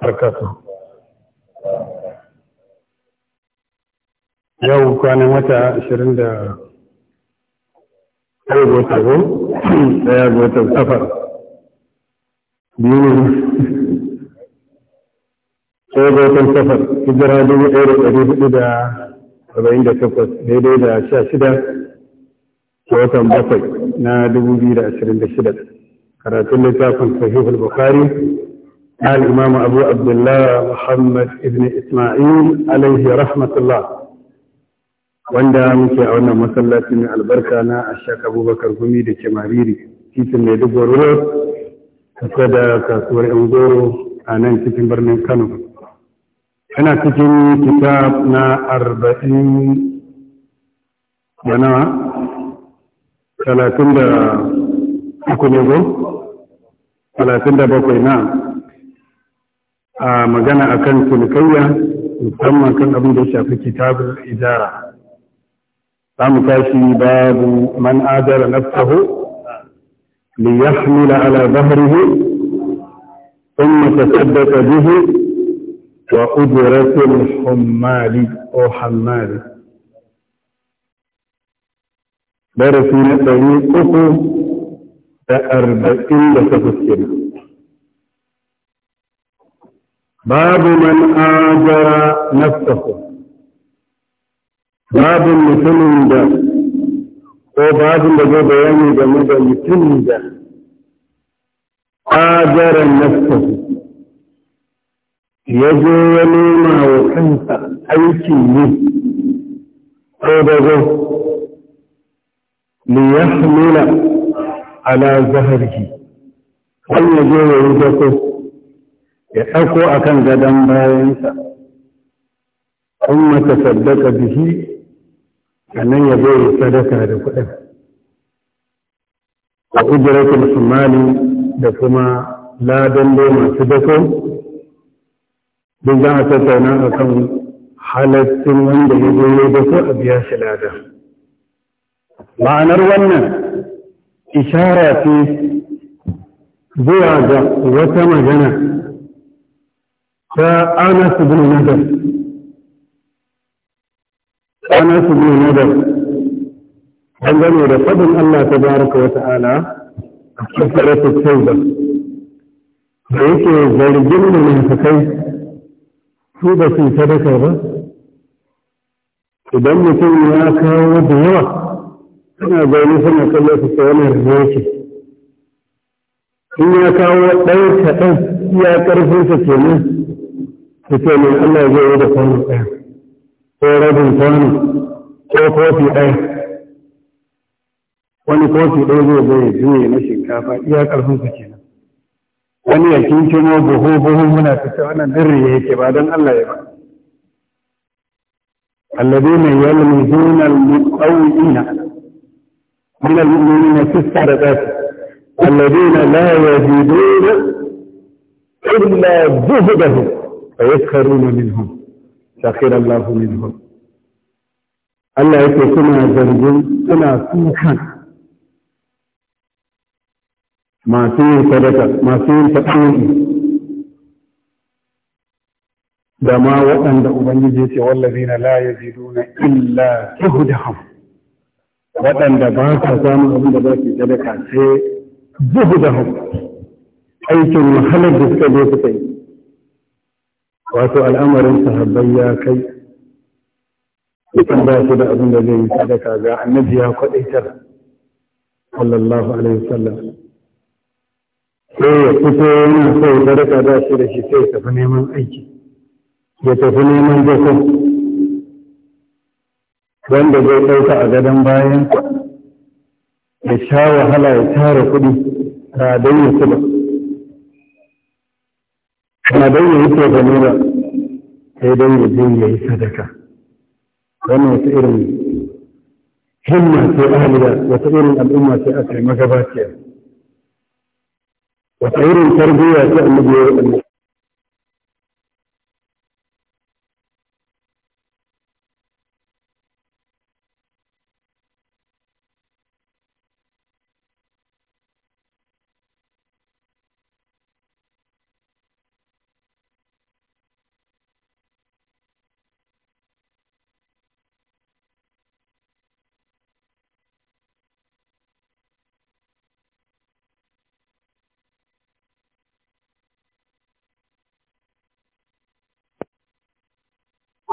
barkatu yau kwanan wata ashirin da ɗaya gota ko ɗaya wata safar biyu ɗaya gotan safar hijira dubu ɗaya da ɗari hudu da arba'in da takwas daidai da sha shida ga watan bakwai na dubu biyu da ashirin da shida karatun littafin sahihul bukhari قال الإمام أبو عبد الله محمد ابن إسماعيل عليه رحمة الله wanda muke a wannan masallaci mai albarka na ashak abubakar gumi da ke mariri titin mai dubuwar road kusa da kasuwar yan goro a nan cikin birnin kano Yana cikin kitab na arba'in da nawa talatin da uku ne go talatin da bakwai na a magana a kan tunikayya musamman kan abin da ya shafi kitabun idara za mu tashi babu man adara nafsahu li yahmila ala zahrihi thumma tasaddaqa bihi wa ujratu al-hammali o da darasi na 348 kenan babu من آجر نفسه babu mutumin da ko babu da zai bayani game da mutumin da ajara nafsahu ya zo ya nema wa kansa aikin ne ko da zo liyahmila ala zahrihi wani zo ya yi ya ɗauko a kan gadon bayansa an mata saddaka bihi sannan ya ya sadaka da kuɗin a ujiratul sumali da kuma ladan da masu dako duk za a tattauna a kan halattun wanda ya zo ya dako a biya shi lada. ma'anar wannan ishara ce zuwa ga wata magana ta anas ibn nadar anas ibn nadar an gane da faɗin Allah ta baraka Wata ta'ala a cikin tauba da yake zargin munafikai su ba su sadaka ba idan mutum ya kawo da yawa suna zaune suna kallon su ya kawo ɗaya kaɗan iya ƙarfinsa su ce min Allah zai yi da kwano ɗaya ko rabin kwano ko kofi ɗaya wani kofi ɗaya zai zo ya juye na shinkafa iya ƙarfin sa kenan wani ya kinkimo buhu buhu muna ta ce wannan dirri yake ba don Allah ya ba الذين يلمزون المتطوعين من المؤمنين في الصدقات الذين لا يجدون إلا جهدهم ويسخرون minhum سخر Allahu minhum Allah yake suna zargin suna sukan masu yin sadaka masu yin taɓani da ma waɗanda Ubangiji ce na la yaziduna illa zuhdahum waɗanda ba sa samun abin da za su sadaka sai zuhdahum aikin wahalar da suka je suka yi wato al'amarin sahabbai ya kai idan ba su da abin da zai yi sadaka ga annabi ya kwadaitar sallallahu alaihi wasallam sai ya fito yana so ya sadaka da shi da shi sai ya tafi neman aiki ya tafi neman dako wanda zai ɗauka a gadon bayan ya sha wahala ya tara kuɗi a don ya ba. ba dai ya yi tsofani ba sai don ya je ya yi sadaka wannan wata irin himma ce ahaliya wata irin al'umma ce aka yi magabaciya wata irin tarbiyya ce annabi ya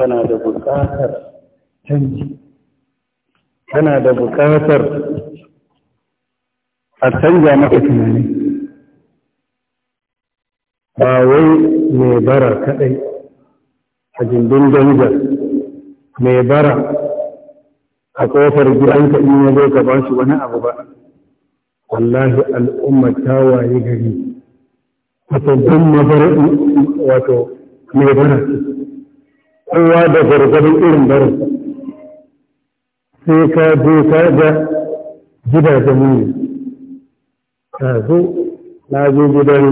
tana da buƙatar canji tana da bukatar a canja maka tunani ba wai mai bara kaɗai a jindin danja mai bara a ƙofar gidanka in ya zo ka ba shi wani abu ba wallahi al'umma ta waye gari A don mabara wato mai bara ce kowa da gargadin irin barinsa sai ka je ka ga gidajen ne ka zo na zo gidan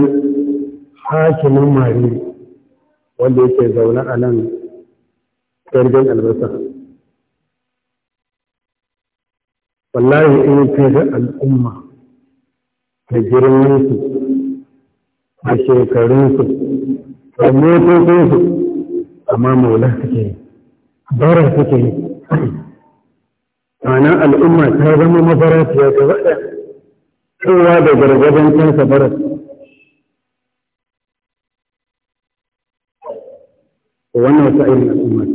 hakimin mari wanda yake zaune a nan gargen albasa wallahi in ka ga al'umma da su, da shekarunsu da motocinsu أمام ولهتك بارتك أنا الأمة هذا ما مبارك يا كبير هو هذا درجة أنت سبرت وانا سعيد الأمة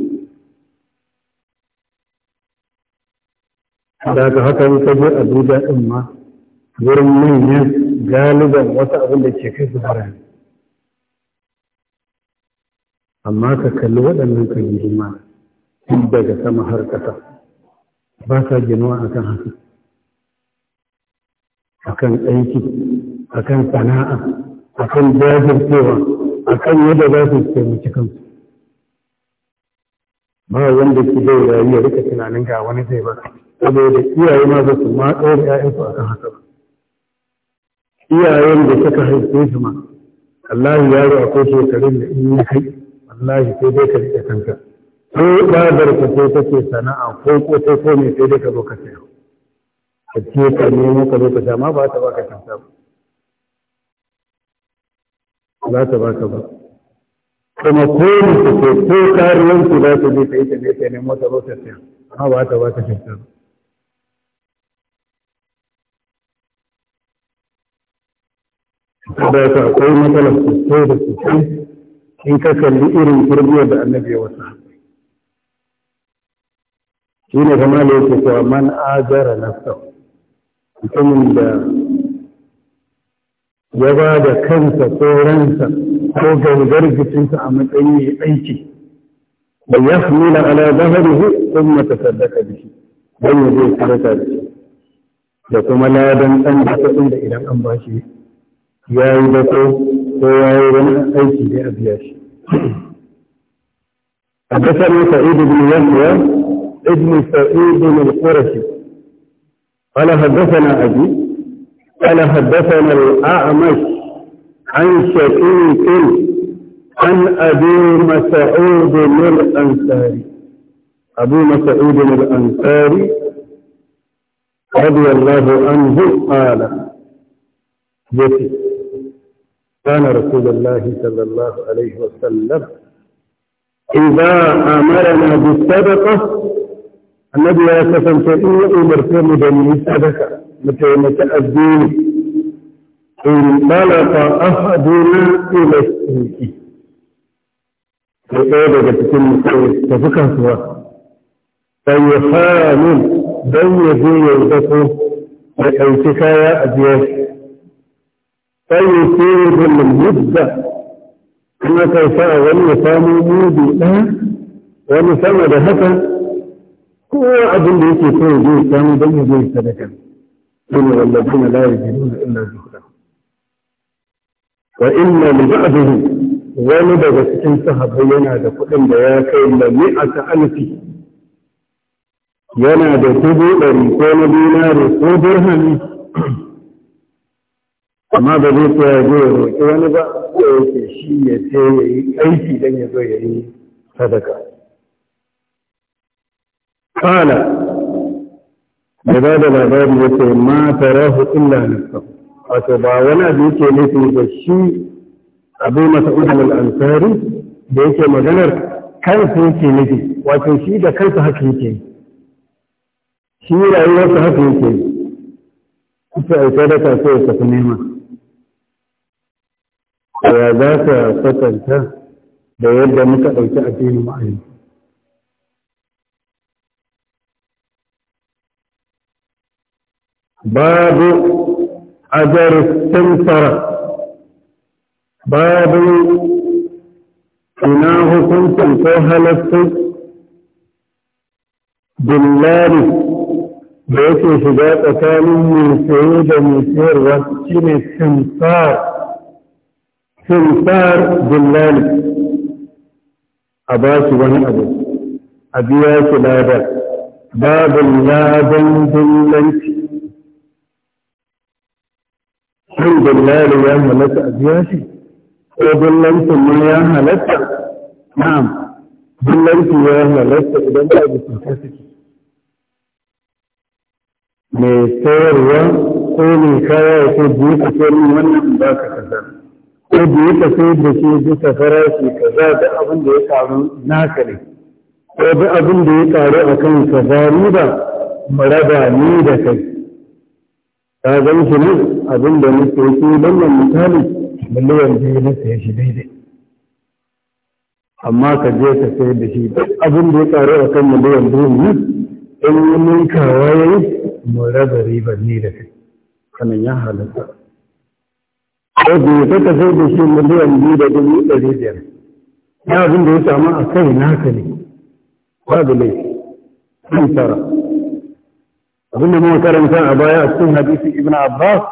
ذاك هكا يتجر أبو جاء أمة ورمين جالب وطأ ولي تشكي سبرت amma ka kalli waɗannan kabilu ma daga sama har ƙasa ba sa ginuwa akan haka akan aiki akan sana'a akan jajircewa akan yadda za su taimaki kansu ba wanda ke zai rayu ya rika tunanin ga wani zai ba saboda iyaye ma za su ma ɗaya da 'ya'yansu akan haka ba iyayen da suka haife shi ma Allah ya yaro akwai shekarun da in ya kai Allah sai dai ka rike kanka ko babar ka sai kake sana'a ko ko sai ko ne sai dai ka zo ka saya ka ce ka nemo ka zo ka sha ma ba ta baka kyauta ba za ta baka ba kuma ko ne ta ce ko kariyar ku za ta je ta yi ta ne ta nemo ta zo ka saya amma ba ta baka kyauta ba kada ka akwai matsalar sosai da sosai in ka kalli irin turbiya da annabi ya wasa shi ne kama da yake kuwa man na nafsa mutumin da ya ba da kansa ko ransa ko gangar jikinsa a matsayin mai aiki da ya hamila ala zaharihi sun mata sadaka da shi don ya zai sadaka da shi da kuma ladan ɗan da idan an ba shi ya yi da ko ko ya yi حدثني سعيد بن يحيى ابن سعيد القرشي قال حدثنا أبي قال حدثنا الأعمش عن شقيق عن أبي مسعود الأنصاري أبو مسعود الأنصاري رضي الله عنه قال كان رسول الله صلى الله عليه وسلم إذا أمرنا بالصدقة النبي يا كسم فإن أمرتم بني صدقة متى متأذين إن بلغ أحدنا إلى السوق وقال بتكون تفكر سوا فيخامل بين يديه يدخل ويأتي كايا أبيات فيصيب المدة kuma kai sa wani samu mudu ɗaya wani sama da haka kowa abin da yake so zai samu don ya zai sadaka sun wanda kuma la ya jiru da illa zuwa wa inna li ba'dihi wani daga cikin sahabbai yana da kuɗin da ya kai da mi'ata alfi yana da dubu ɗari ko na dinari ko dirhami amma ba zai tsaya zo ya roƙi wani ba ko ya ke shi ya ce ya yi aiki don ya zo ya yi sadaka kala da ba da labari ya ce ma rahu illa nafsa wato ba wani abu yake nufi da shi abu masa al-ansari da yake maganar kansa yake nufi wato shi da kansa haka yake shi rayuwarsa haka yake kusa a sadaka sai ya tafi nema ya za ka kwatanta da yadda muka ɗauki addinin ma'ani babu ajar samsara babu ina hukuncin ko halattun dillari da yake shiga tsakanin mai saye da mai sayarwa shine samsara himsar bullali a ba su wani abu a biya su ladar babin ladan bullanci shin bullali ya halatta a biya shi ko bullancin ne ya halatta na'am bullanci ya halatta idan ba da sun kasance mai sayarwa ko mai kaya ya ce biyu ka sayar wannan ba ka kasance ko da ya tafi da shi bisa farashi kaza da abin da ya karu naka ne ko da abin da ya karu a kan kaza ni da maraba ni da kai ta zan shi ne abin da muke ke don nan misali miliyan biyu na saye shi daidai amma ka je ka sai da shi duk abin da ya karu a kan miliyan biyu ne in yi ninkawa ya yi maraba ribar ni da kai kanan ya halatta wadda ya kaka sai da shi miliyan biyu da dubu ɗari biyar ya abin da ya samu a kai naka ne babu laifi sun tara abin da muka karanta a baya a cikin hadisi ibn abbas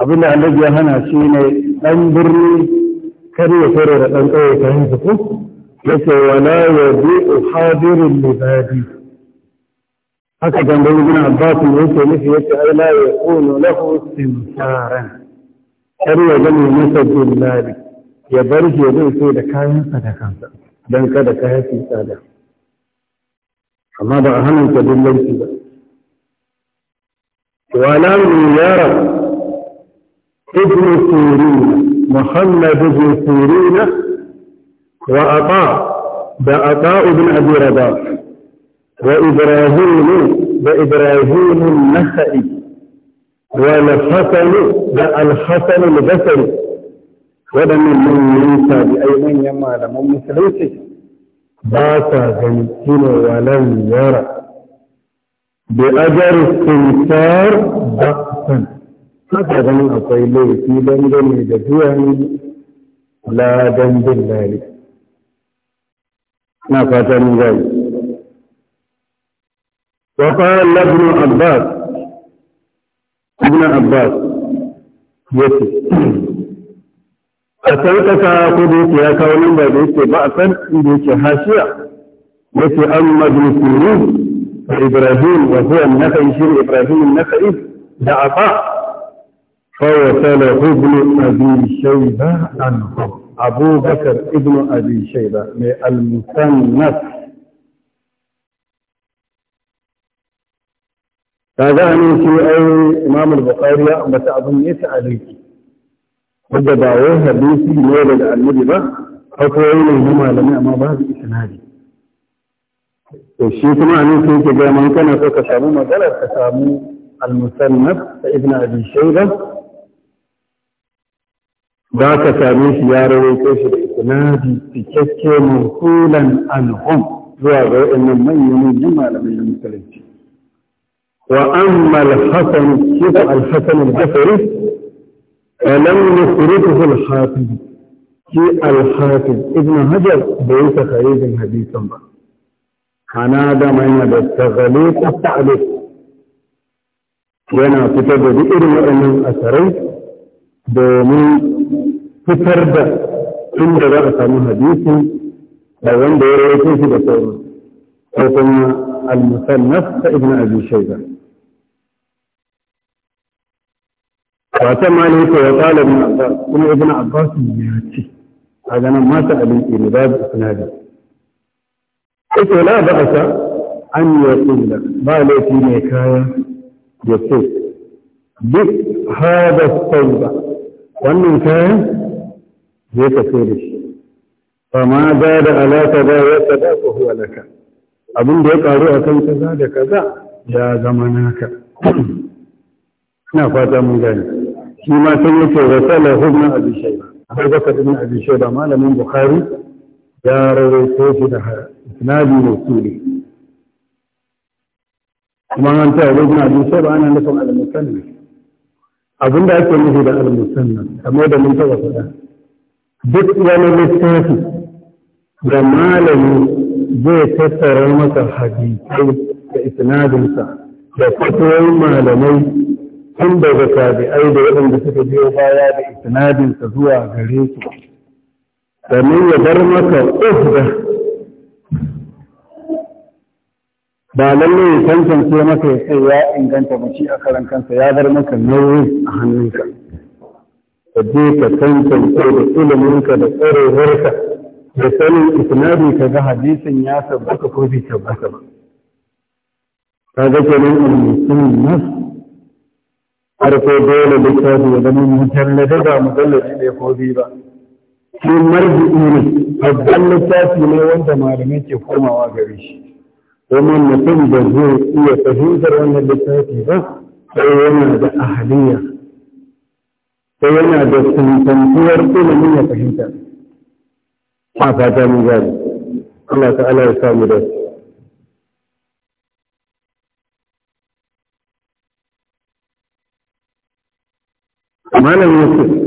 abin da annabi ya hana shi ne ɗan birni kar ya tare da ɗan ƙauye ta yin suku yace wala ya bi hadirin libadi haka dan ibn abbas ne yake nufi yace ai la yakunu lahu simsaran har ya gane nasa lari ya bar shi zai sai da kayansa da kansa don kada ka haifi tsada amma ba a hannun ka dillanci ba wala yara ibn sirin muhammad ibn sirin wa ata da ata ibn abi rabah wa ibrahim da ibrahim na والحسن ده الحسن البصري ودن من ينسى من يما لم مسلمك باسا جنسين ولم يرى بأجر السمسار بأسا هذا غني أطيلي في بندن جزوان لا جنب الله ما فاتني ذلك وقال ابن عباس ibn abbas yace a sarkaka ko da yake ya kawo nan ba da yake ba a san inda yake hashiya yace amma bin sirin ibrahim wa huwa an-nakhai shi ibrahim an-nakhai da afa فوصله ابن أبي شيبة عنهم أبو بكر ابن أبي mai من المصنف kaga ne ce ai Imam al-Bukhari ya ambata abin ne ta aliki wanda ba wai hadisi ne daga annabi ba ko yayin da malamai amma ba su isnadi to shi kuma ne sai ke ga man kana so ka samu magana ka samu al-musannaf da Ibn Abi Shayba da ka same shi ya rawaito shi da isnadi cikakke mun kulan anhum zuwa ga wayannan manyan malamai na musulunci وأما الحسن صفة الحسن الجسري فلم يسرته الحاكم في الحاكم ابن هجر بيت خريج حديثا حنا دا ما ينا بستغلي التعليق وانا كتب بئر وانا اثري دومي فتر دا ان دا رأسان حديث لون دوره يكون في بطوره وكما المثنف ابن ابي شيبه ba ma ne ko ya tsala ibn abbas kuma ibn abbas ya ce a ganin mata abin ne babu isnadi ita la ba asa an ya kulla ba laifi ne kaya ya ce duk hada sauba wannan kayan zai tafi da shi fama za da alaka ba ya tsada ko huwa laka abin da ya karu a kan kaza da kaza ya zama naka ina fata mun gani shi ma sai yake wasala ibn abi shayba abubakar ibn abi shayba malamin bukhari ya rawaito shi da isnadi rasuli kuma an ta ibn abi shayba ana nufin al-musannaf abinda ake nufi da al-musannaf kamar da mun taba faɗa duk wani littafi da malami zai tattara masa hadisai da isnadinsa da fatoyin malamai tun daga tabi'ai da waɗanda suka biyo baya da isnadinsa zuwa gare su domin ya bar maka ufda ba lalle ya tantance maka ya kai ya inganta mace a karan kansa ya bar maka nauyi a hannunka ka je ka tantance da iliminka da tsarewarka da sanin isnadi ka ga hadisin ya tabbata ko bai tabbata ba ka ga kenan ilmin nasu harko dole littafi ya zama mujallada ba mujalladi ne ko biyu ba shi marji'i ne babban littafi ne wanda malamai ke komawa gare shi kuma mutum da zai iya fahimtar wannan littafi ba sai yana da ahaliya sai yana da tantantuwar ilimi ya fahimta ba fata jami'a gani Allah ta'ala ya samu da su ما لم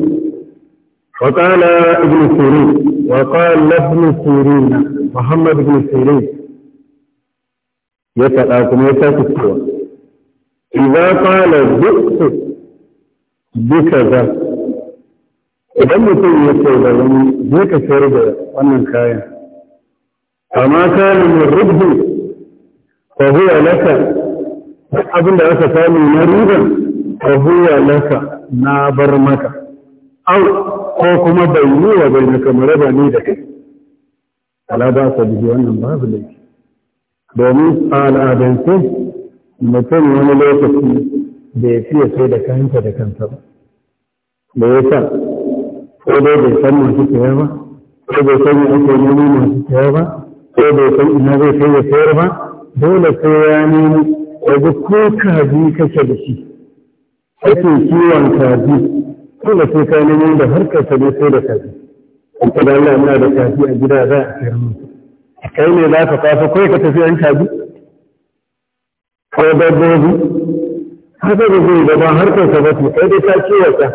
فقال ابن سيرين وقال له ابن سيرين محمد بن سيرين يتلاكم يتلاكم إذا قال جئت بكذا إذا مثل يسير لن جئت سيرد أن الكاية أما كان من ربه فهو لك لك لأسفاني مريضا wa laka na bar maka au ko kuma bai yi wa bai na kamar ba ni da kai ala ba sa biyu wannan babu laifi domin a al'adance mutum wani lokaci da ya fiye sai da kanta da kanta ba da ya sa ko dai bai san masu saya ba ko bai san ya ake nemi masu saya ba ko bai san ina zai sai ya sayar ba dole sai ya nemi ko ko kaji kake da shi kake kiwon kaji kuma sai ka nemo da harkar ta ka sai da kaji ko da Allah ina da kaji a gida za a sayar mu kai ne za ka kwafa kai ka tafi an kaji ko dabbobi haka da zai da ba harkar ka ba ce kai dai ka kiwa ka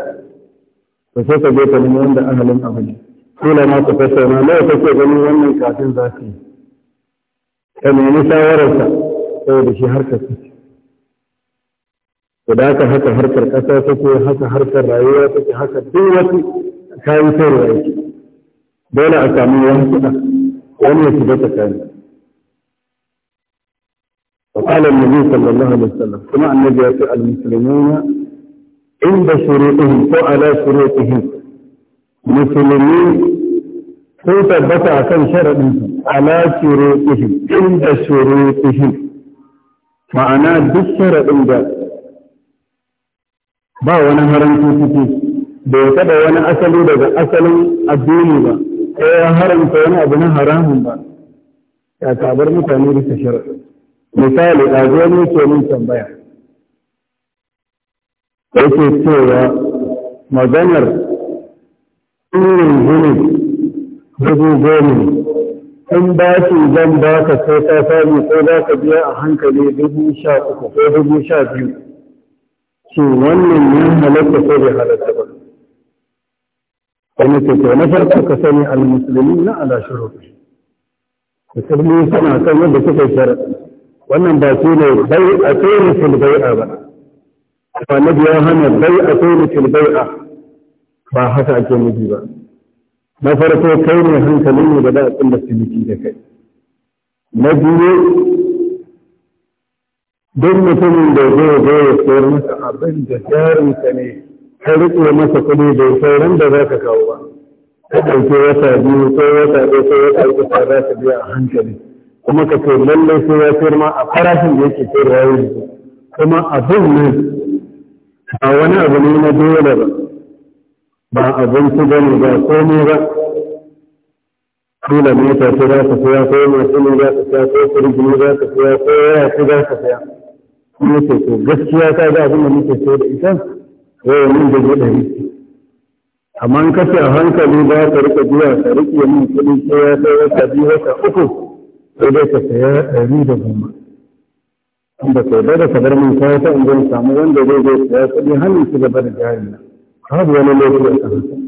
to sai ka je ka nemo wanda ahalin abu ne kila ma ka tattauna nawa kake ganin wannan kafin za ka yi ka nemi shawararsa saboda shi harkar ka to da haka haka harkar ƙasa take haka harkar rayuwa take haka duk wasu kayan sayarwa yake dole a samu wani kuɗa wani ya shiga tsakani وقال النبي صلى الله عليه وسلم كما النبي يقول المسلمون عند شروطهم وعلى شروطهم مسلمين sun tabbata a kan sharaɗin ala shurutihim inda shurutihim ma'ana duk sharaɗin da ba wani haramci ciki bai taɓa wani asali daga asalin addini ba ko ya haramta wani abu na haramun ba ya sabar mutane bisa shari'a misali a zo ne ke min tambaya yake cewa maganar irin gini dubu goma in ba ki zan ba ka sai ta sami ko za ka biya a hankali dubu sha uku ko dubu sha biyu shi wannan ya halatta ko bai halatta ba wani ce na farko ka sani al-musulmi na ala shuruɗi musulmi suna kan yadda suka sharaɗi wannan ba shi ne bai a kai tsere tilbai'a ba ba na biya hana bai a kai tsere tilbai'a ba haka ake miji ba na farko kai ne hankalin ne da za a tsinda ciniki da kai na biyu don mutumin da zai zo ya sayar masa abin da jarinka ne ka riƙe masa kuɗi da sauran da za ka kawo ba ka ɗauki wata biyu ko wata ɗaya ko wata uku ta za ka biya a hankali kuma ka ce lallai sai ya sayar ma a farashin da yake sayar ya yi kuma abin ne a wani abu ne na dole ba ba abinci ba ne ba komai ba kila mota ce za ka saya ko masu ne za ka saya ko firgi za ka saya ko yaya ce za ka saya kuma ce gaskiya ka ga abin da muke so da ita yau mun da gida ne amma in kace a hankali ba ka rika biya ka rike min kuɗi ko ya kai wata biyu wata uku sai dai ka saya ɗari da goma an ba sai da sabar bar min kaya ta in samu wanda zai zai saya kudi hannun su gaba da jari na babu wani laifi a kan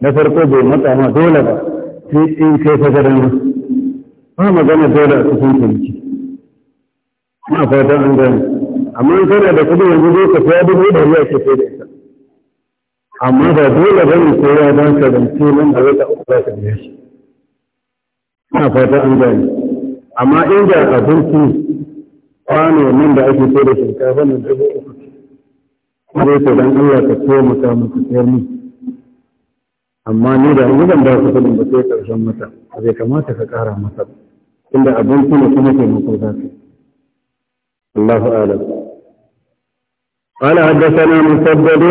na farko bai mata ma dole ba sai in kai fagaran ba magana dole a cikin kirki na fatan an gani amma in kana da kudi yanzu zai ka fiya dubu da ya ke fiye da ita amma da dole ba ne ko ya dan ka zance nan da wata uku za ka biya shi na fatan an gani amma inda abinci kwano nan da ake fiye da shinkafa nan dubu uku zai ta dan Allah ka ce mu ka mu sayar mu amma ni da ni zan ba ku kudin ba sai karshen mata bai kamata ka kara masa tunda abinci ne kuma ke taimako za ka yi الله أعلم قال حدثنا مسدد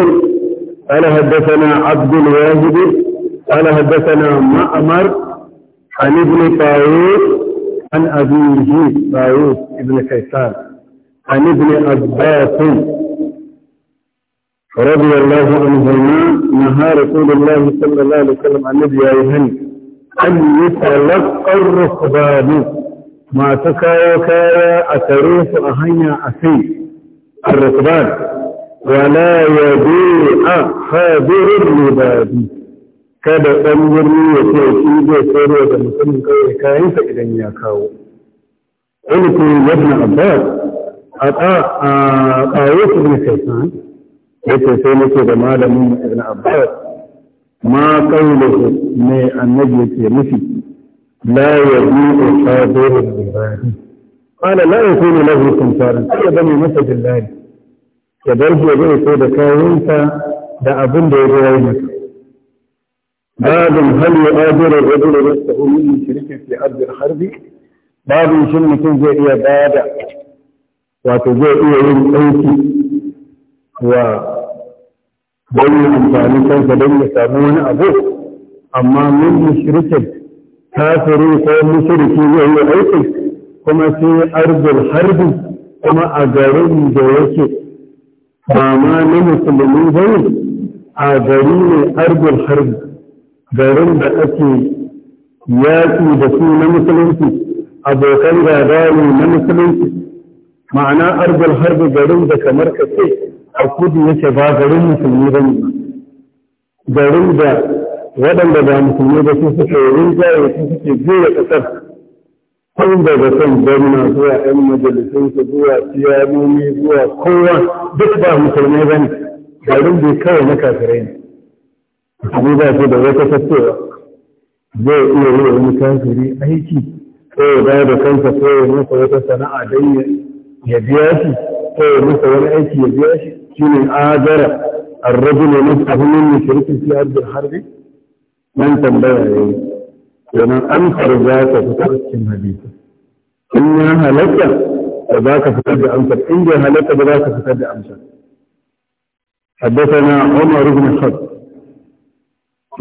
قال حدثنا عبد الواجد قال حدثنا مأمر عن ابن طاووس عن أبيه طاووس ابن كيسان عن ابن عباس رضي الله عنهما نهى رسول الله صلى الله عليه وسلم عن النبي أن يتلقى الركبان masu kawo kaya a tare su a hanya a sai arrasban wala ya biyu a hadirin ribadi kada ɗan birni ya ce shi zai da mutumin kawai kayansa idan ya kawo ilku yabna abbas a ƙawo su ne kaisan ya ce sai nake da malamin ibn abbas ma kawo da su ne annabi yake ce mafi لا يجيب حاضر الله قال لا يكون له كمسارا أي بني مسجد الله يبالج يقول سيدة كاينتا دا أبن دير وينك بعد هل يؤادر الرجل نفسه من شريك في أرض الحرب بعد شنو تنجى إيا بادع وتجى إيا يوم أيتي و بني أمسانيكا فبني سامون أبوه أما من شريك kafiri ko mushriki zai yi aiki kuma sai arzul harbi kuma a garin da yake ba na musulmi ba a gari ne arzul harbi garin da ake yaƙi da su na musulunci abokan gada ne na musulunci ma'ana arzul harbi garin da kamar ka ce a kudu yake ba garin musulmi ba ne garin da waɗanda ba musulmi ba su suka yi rinjaye su suke jure ƙasar tun daga kan gwamna zuwa ‘yan majalisunsa zuwa ciyamomi zuwa kowa duk ba musulmi ba ne garin bai kawai na kafirai ne abu ba su da wata tattowa zai iya yi wani kafiri aiki ko ya bayar da kansa ko ya masa wata sana'a don ya biya shi ko ya masa wani aiki ya biya shi shine azara الرجل يمسح من شريك في أرض الحرب من تنبيه ومن أنفر ذاك فتأتي مبيتا إن هلك فذاك فتأتي أمسك إن هلك فذاك فتأتي أمسك حدثنا عمر بن الخطب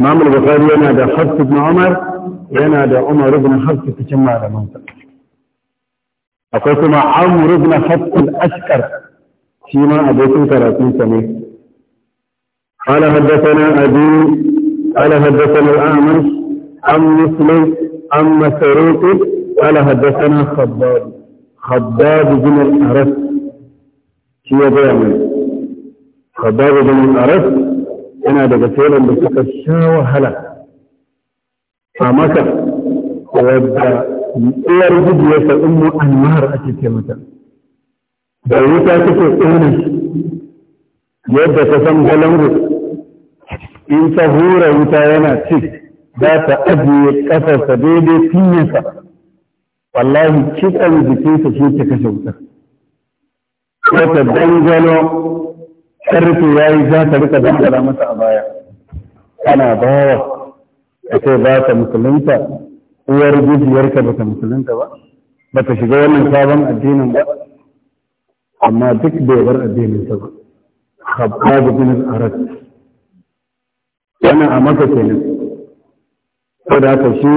إمام البخاري ينادى دا بن عمر ينادى عمر بن الخطب في كم على منطق أقول عمر بن الخطب الأشكر فيما أبيتم ثلاثين سنة قال حدثنا أبي قال حدثنا الأعمش أم مسلم أم مسروق قال حدثنا خباب خباب بن الأرس شو يعني خباب بن الأرس أنا بقتل بسكة شاوة هلا فمكة ودى إلى جد يسأل أم أنمار أتيتي متى بل متى تكون أنش يبدأ تسمى لنبس in ta hura wuta yana ci za ta ajiye ƙasarsa daidai finyarsa wallahi kitsan jikinsa shi ta kashe wuta ko ta dangano ƙarfe ya yi za ta rika dangana masa a baya ana bawa ka ce ba ta musulunta uwar gujiyarka ba ta musulunta ba ba ta shiga wannan sabon addinin ba amma duk bai bar addinin ta ba khabbab bin arad wannan a maka kenan saboda haka shi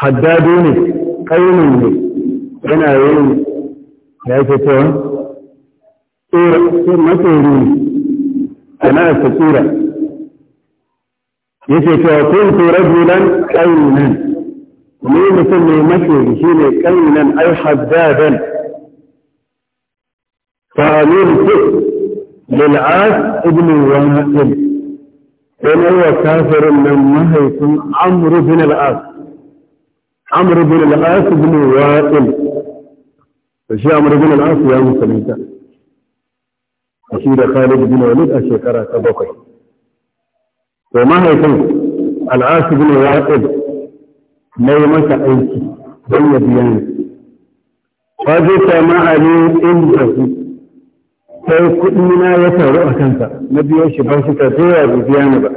haddado ne ƙaunin ne yana yin ya ke cewa tsira matsori ne ana ta tsira yake cewa kun tura bulan ƙaunin ne mutum ne matsori shi ne ƙaunin ai haddadan fa'alin ku lil'as ibn wa'il wani wa kafirin nan mahaifin amru bin al'as amru bin al'as bin wa'il da shi amru bin al'as ya musulunta a shi da khalid bin walid a shekara ta bakwai to mahaifin al'as bin wa'il na yi masa aiki don ya biya ne. Fazita ma'ali inda su sai kuɗi na ya taru a kansa na biyo shi ba shi ta zuwa bibiya ne ba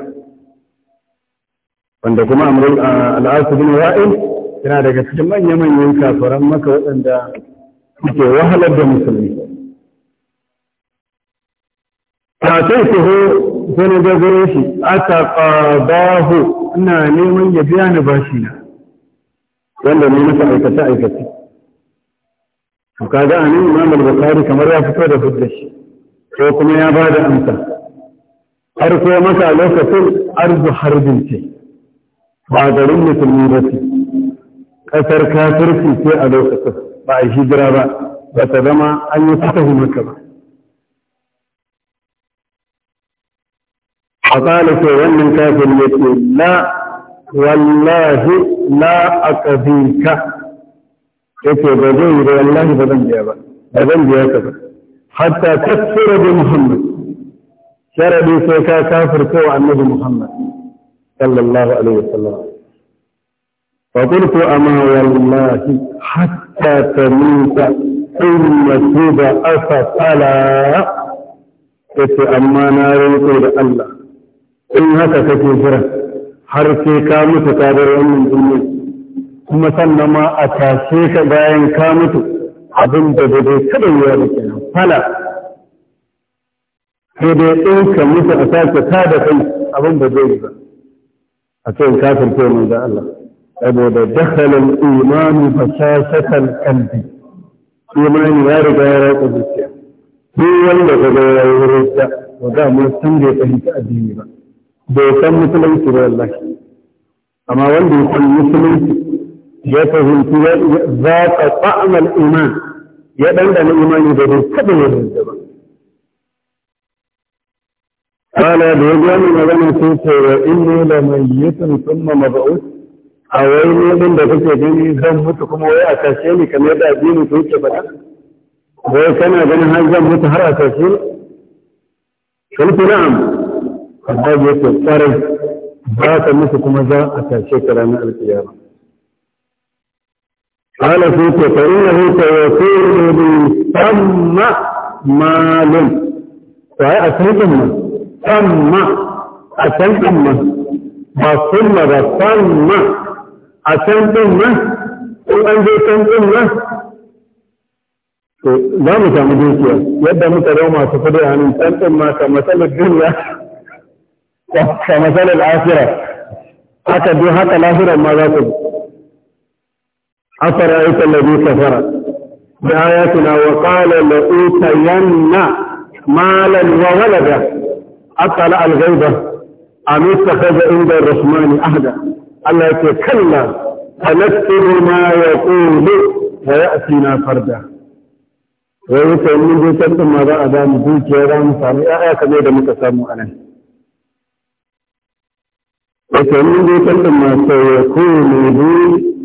wanda kuma amrul al'asu bin wa'il yana daga cikin manya-manyan kafaran maka waɗanda suke wahalar da musulmi kafin su ho sai na gagare shi aka ƙabahu ina neman ya biya ni bashi na wanda ne masa aikace-aikace to kaga anan imam al-bukhari kamar ya fito da hujjar shi ko kuma ya ba da amsa har ko mata lokacin arzu harbin ce ba garin musulmi ba ce ƙasar kafirci ce a lokacin ba a hijira ba ba ta zama an yi fatahu maka ba a sai wannan kafin ya ce la wallahi la ya ce ba zai yi ba wallahi ba zan biya ba ba zan biya ka ba hatta takfura bi Muhammad sharadi sai ka kafirta wa annabi Muhammad sallallahu alaihi wasallam fa qultu ama wallahi hatta tamuta thumma tuba asfala yace amma na rantsa da Allah in haka kake jira har sai ka mutu ka bar wannan duniya kuma sannan ma a tashe ka bayan ka mutu abin da bai kada yiwa da kenan hana sai dai ɗinka musu a sake ta da kai abin da zai ba a cikin kafin kai mun ga Allah saboda dakhalal imanu fasasatal qalbi imani ya riga ya ratsa zuciya duk wanda ka ga ya rutsa to da mun san bai fahimci addini ba bai san musulunci ba wallahi amma wanda ya san musulunci ya fahimci ya zaqa ta'amal iman ya ɗanɗana imani da bai taɓa yin da ba. Kala da ya gani magana ce ce wa inni da mai yitin sun ma maba'us a wai ne ɗin da kake gani zan mutu kuma wai a tashe ni kamar yadda addini ta yake faɗa. Wai kana ganin har zan mutu har a tashe ni? Kalfi na'am. Abba ya ce tsarai ba ka mutu kuma za a tashe ka ranar alƙiyama. قال فيك فإنه توفير لي ثم مال فهي أسل جمع ثم أسل جمع بصم بصم أسل جمع وأنجي كم جمع لا متعمدين كيا يبدأ متعلم ما تفضل عن إنسان ثم كمثال الدنيا كمثال الآخرة حتى دي حتى الآخرة ما ذاته أفرأيت الذي كفر بآياتنا وقال لأوتين مالا وولدا أطلع الغيبة أم اتخذ عند الرحمن أهدا الله يتكلم فنكتب ما يقول ويأتينا فردا ويوتين من جيتن ما رأى دام بيك يا رام صالح آية كبيرة متسامو عليه ويوتين من جيتن ما سيكون لي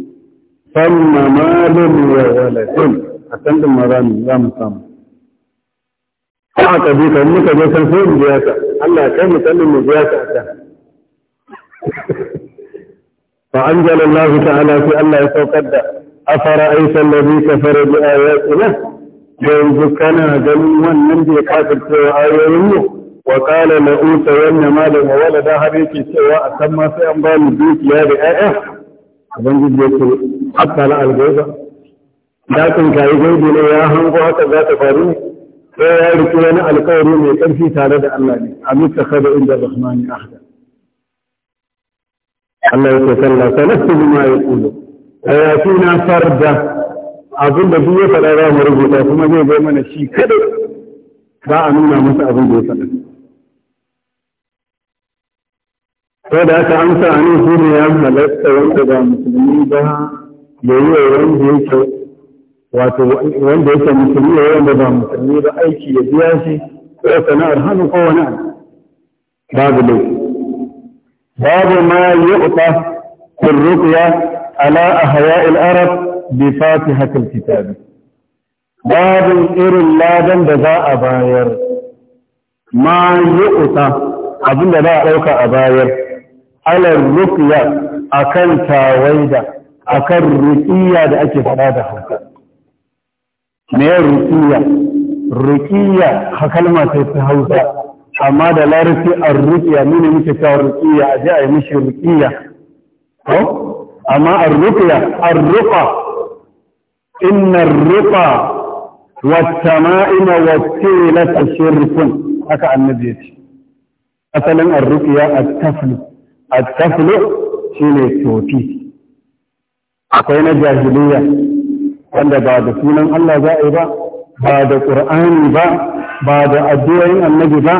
ثم مال وولد a can ɗin ma za mu samu ko a kabi kan muka je san sai mu biya ka Allah kai mu sanin mu biya ka a can fa anzala Allah ta'ala fi Allah ya saukar da afara aita allazi kafara bi ayatina yanzu kana ganin wannan da ya kafirce wa ayoyin mu wa qala la utayanna malan wa walada har yake cewa a kan ma sai an ba mu dukiya da ƴaƴa ubangiji yake حتى لا الغيبة لكن كاي غيبي ne ya hango haka za ta faru ne ko ya riki wani alƙawari mai ƙarfi tare da Allah ne a mita kada inda Rahmani ahda Allah yake sallah salastu bima yaqulu ayatina farda abin da duk ya faɗa za mu rubuta kuma zai zo mana shi kada ba a nuna masa abin da ya faɗa ko da aka amsa a nan shi ne ya halatta wanda ba musulmi ba Yayi yi wa wanda yake wato wanda yake musulmi da wanda ba musulmi ba aiki ya biya shi ko sana'ar hannu ko wani abu babu dai babu ma yu'ta fil ruqya ala ahya'il arab bi fatihatil kitab Babu irin ladan da za a bayar ma yu'ta abinda za a dauka a bayar ala ruqya akan tawaida akan rukiya da ake faɗa da hausa me rukiya? Rukiya ha kalma sai ta hausa amma da larifi ar rukiya ne muke cewa rukiya a je a yi mishi ruqiyya ko amma ar rukiya, ar-ruqa inna ar-ruqa wat-tama'ima wat-tilata shirkun haka annabi ya ce asalin ar rukiya at-taflu at-taflu shine tofi akwai na jahiliya wanda ba da sunan Allah za a yi ba ba da ƙur'ani ba ba da addu'o'in annabi ba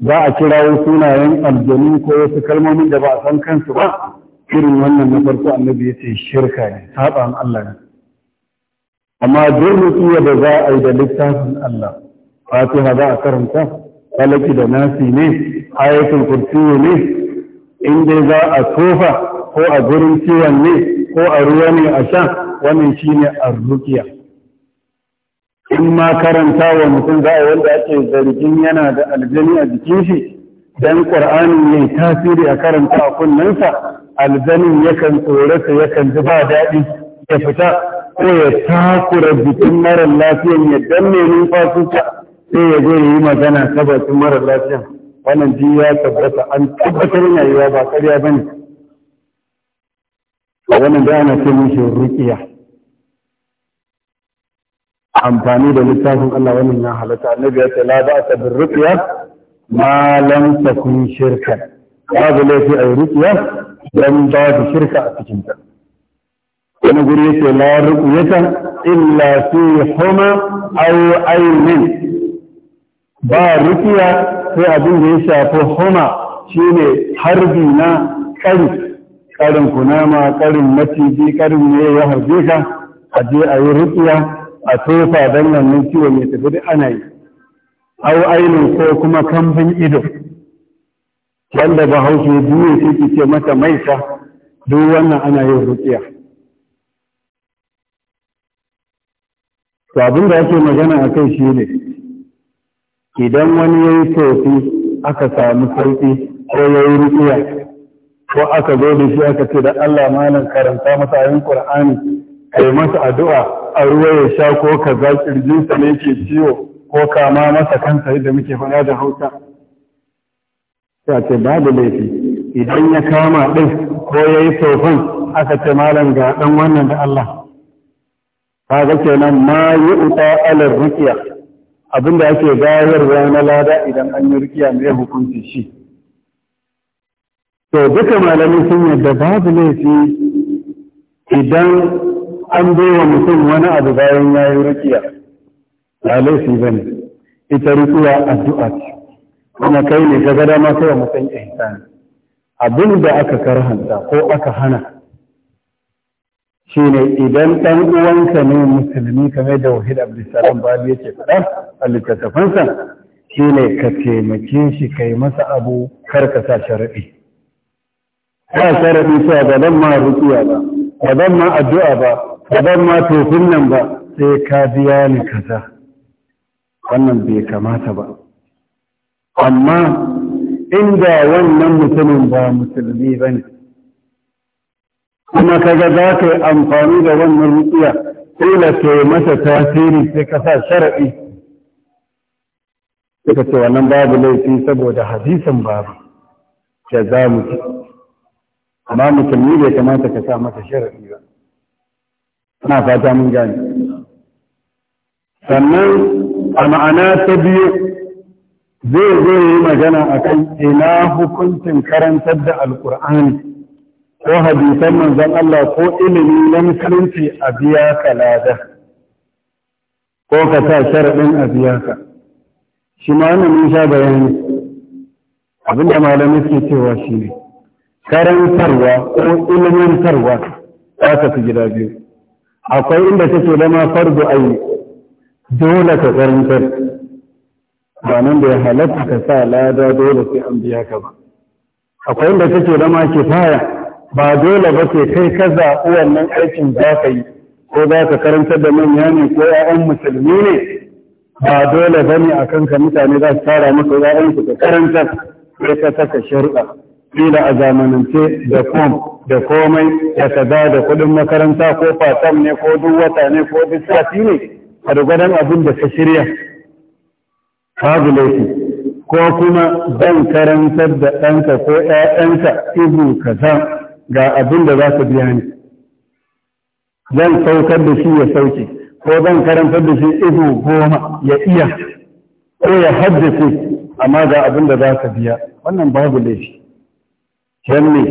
za a kirawo sunayen aljanu ko wasu kalmomin da ba a san kansu ba irin wannan na farko annabi ya ce shirka ne saɓan Allah ne amma duk rukiya da za a yi da littafin Allah fatiha za a karanta falaki da nasi ne ayatul kursi ne in dai za a tofa ko a gurin ciwon ne ko a ruwa ne a sha wannan shine arruqiya in ma karanta wa mutum za a wanda ake zargin yana da aljani a jikin shi dan qur'ani ne tasiri a karanta a kunnensa aljanin yakan tsorata yakan ji ba daɗi ya fita ko ya takura jikin marar lafiyan ya danne numfasinsa sai ya zo yi magana ta marar lafiyan wannan ji ya tabbata an tabbatar yana yiwa ba ba bane wannan da ana ce mishi rukiya amfani da littafin Allah wannan ya halatta annabi ya ce la ba ta bir ruqiya ma lam takun shirka babu laifi a ruqiya dan shirka a cikin ta wani guri yace la rukiyata illa fi huma aw aynin ba rukiya sai abin da ya shafi huma shine harbi na kai karin kunama karin maciji karin ne ya harbe ka a je a yi rukiya a tofa don wannan ciwo ya tafi da ana yi au ainihin ko kuma kambin ido wanda ba haushe biyu shi ke ce mata ta, duk wannan ana yin rukiya to abin da ake magana a kai shi ne idan wani ya yi tofi aka sami sauki ko ya yi rukiya ko aka zo da shi aka ce da Allah malam karanta masa ayin Qur'ani kai masa addu'a a ruwa ya sha ko kaza kirjinsa ne yake ciwo ko kama masa kansa yadda muke faɗa da Hausa sai ce babu laifi idan ya kama din ko yayi yi aka ce malam ga ɗan wannan da Allah kaga kenan ma yi uta alar rukiya abinda ake bayarwa na lada idan an yi rukiya mai hukunci shi to duka malamai sun yadda babu laifi idan an baiwa mutum wani abu bayan ya yi rakiya ba laifi ba ne ita rukuwa addu'a ce kuma kai ne ga gada ma kai wa mutum ihsani abin da aka karhanta ko aka hana shine idan ɗan uwanka ne musulmi kamar da wahid abdulsalam bali yake faɗa a littattafansa shine ka taimake shi kai masa abu kar ka sa shari'i ba sharaɗi sa ba dan ma rukiya ba ba dan ma addu'a ba ba dan ma tofin nan ba sai ka biya ni kaza wannan bai kamata ba amma inda wannan mutumin ba musulmi ba ne kuma kaga za ka yi amfani da wannan rukiya kila ke masa tasiri sai ka sa sharaɗi suka ce wannan babu laifi saboda hadisin babu da za mu amma musulmi bai kamata ka sa masa sharaɗi ba Ina fata mun gane sannan a ma'ana ta biyu zai zo yi magana a kan ina hukuncin karantar da alkur'ani ko hadisan manzon Allah ko ilimi na musulunci a biya ka lada ko ka sa sharaɗin a biya ka shi ma wannan mun sha bayani abinda malamai suke cewa shi ne karantarwa ko ilmantarwa ta fi gida biyu akwai inda take zama fardu ayi dole ka karantar ba nan da ya halatta ka sa lada dole sai an biya ka ba akwai inda take zama ke kifaya ba dole ba ke kai ka zaɓi wannan aikin za ka yi ko za ka karantar da manya ne ko ‘ya'yan musulmi ne ba dole ba ne a kanka mutane za su tara maka ‘ya'yansu ka karantar sai ka saka shari'a kila a zamanance da kom da komai da kaza da kuɗin makaranta ko fatan ne ko duk wata ne ko duk sati ne a gwargwadon abin da ka shirya babu laifi ko kuma zan karantar da ɗanka ko ‘ya'yanka ibu kaza ga abin da za ka biya ni zan saukar da shi ya sauke ko zan karantar da shi ibu goma ya iya ko ya haddace amma ga abin da za ka biya wannan babu laifi don ne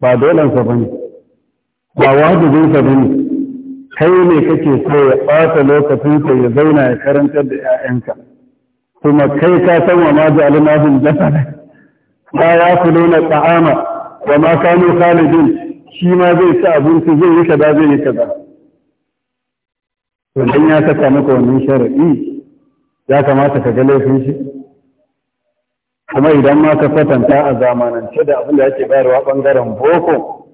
ba dolansa ba ne ba wajibinsa ba ne kai ne kake so ya ɓata lokacinsa ya zauna ya karantar da 'ya'yanka kuma kai ka san wa maji alimahun jasada ba ya fi nuna tsa'ama wa ma kano kalibin shi ma zai ci abinci zai yi kaza zai yi kaza to dan ya saka maka wannan sharaɗi ya kamata ka ga laifin shi kuma idan ma ka kwatanta a zamanance da abin da yake bayarwa bangaren boko